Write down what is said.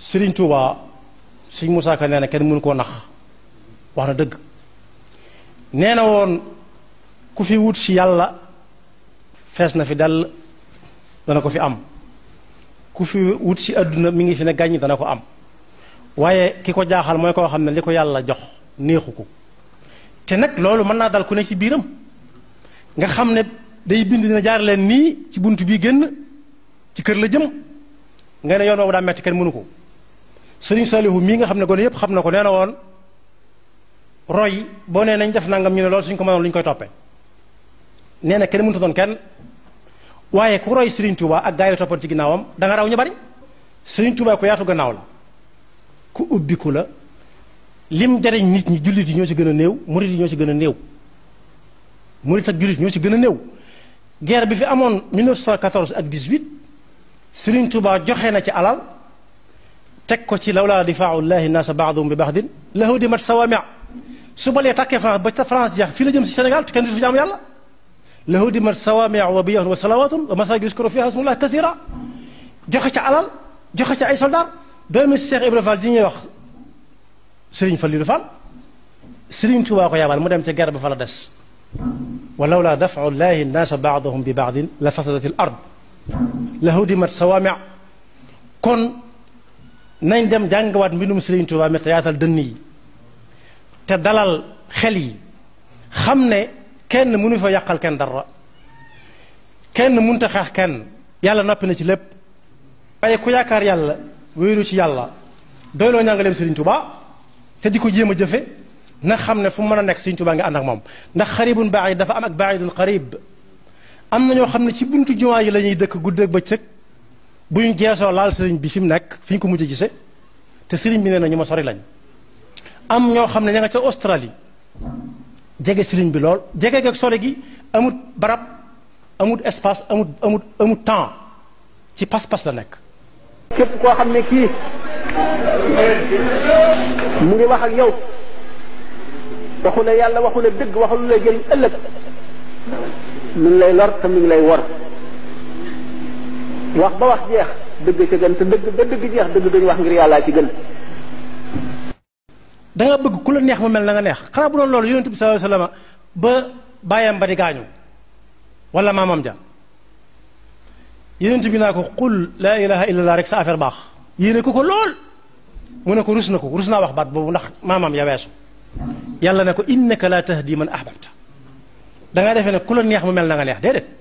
Serigne Touba Serigne Moussa Ka nee na kenn mënu koo nax wax na dëgg nee na woon ku fi wut si yàlla fees na fi dal dana ko fi am ku fi wut si àdduna mi ngi fi ne gàññi dana ko am waaye ki ko jaaxal mooy koo xam ne li ko yàlla jox néexu ko te nag loolu mën naa dal ku ne ci biiram nga xam ne day bind dina jaar leen nii ci bunt bii génn ci kër la jëm nga ne yoon boobu daa metti kenn mënu ko sëriñ Salihu mii nga xam ne gone yépp xam na ko nee na woon roy boo nee nañ def nangam ñu ne loolu suñ ko mënoon lu ñu koy toppee nee na kenn mënut a doon kenn waaye ku roy sëriñ Touba ak gaa yi toppoon ci ginnaawam da nga raw ñu bari sëriñ Touba ku yaatu gannaaw la ku ubbiku la lim jariñ nit ñi jullit yi ñoo ci gën a néew murit yi ñoo ci gën a néew murit ak jullit ñoo ci gën a néew guerre bi fi amoon 1914 ak 18 Serigne Touba joxe na ci alal تكوتي لولا دفاع الله الناس بعضهم ببعض لهودي مر سوامع سبل يتاكي فبت فرانس جا في لجم السنغال كان في جامع الله لهودي مر سوامع وبيا وصلوات ومساجد يذكر فيها اسم الله كثيرا جخت علل جخت اي سلطان دوم الشيخ ابن فالدين يوخ سرين فالي فال سرين توبا قيابال مدام تجارب فالدس ولولا دفع الله الناس بعضهم ببعض لفسدت الارض لهودي مر سوامع كن nañ dem jàngiwaat mbindum Serigne Touba mi te yaatal dënn yi te dalal xel yi xam ne kenn mënu fa yàqal kenn dara kenn munta a xeex kenn yàlla noppi na ci lépp waaye ku yaakaar yàlla wéeru ci yàlla doyloo njàngaleem Serigne Touba te di ko jéem a jëfe na xam ne fu mu mën a nekk Serigne Touba nga ànd ak moom ndax xaribun baid dafa am ak baidun qarib am na ñoo xam ne ci buntu jumaa yi la ñuy dëkk guddeeg bëccëg bu ñu geesoo laal sëriñ bi fi mu nekk fi ñu ko mujj gise te sëriñ bi nee na ñu ma sori lañ am ñoo xam ne ña nga ca Australie jege sëriñ bi lool jege ak sore gi amut barab amut espace amut amut amut temps ci pas-pas la nekk. képp koo xam ne kii mu ngi wax ak ñëw waxu ne yàlla waxu la dëgg waxu la jëriñ ëllëg lu lay lor te ngi lay wor. wax ba wax jeex dëgg ca gën te dëgg ba dëgg jeex dëgg dañu wax ngir yàllaa ci bëgg ku la neex mu mel na nga neex xanaa bu doon loolu yonent bi sallallahu alayhi wasallam ba bàyyam ba di gaañu wala maamam ja bi naa ko qul laa ilaha illallah rek sa affaire baax yéene ko ko lool mu ne ko rus na ko rus naa wax baat boobu ndax maamam ya yàlla ne ko innaka laa tahdi man ahbabta da nga defe ne ku la neex mu mel na nga neex déedéet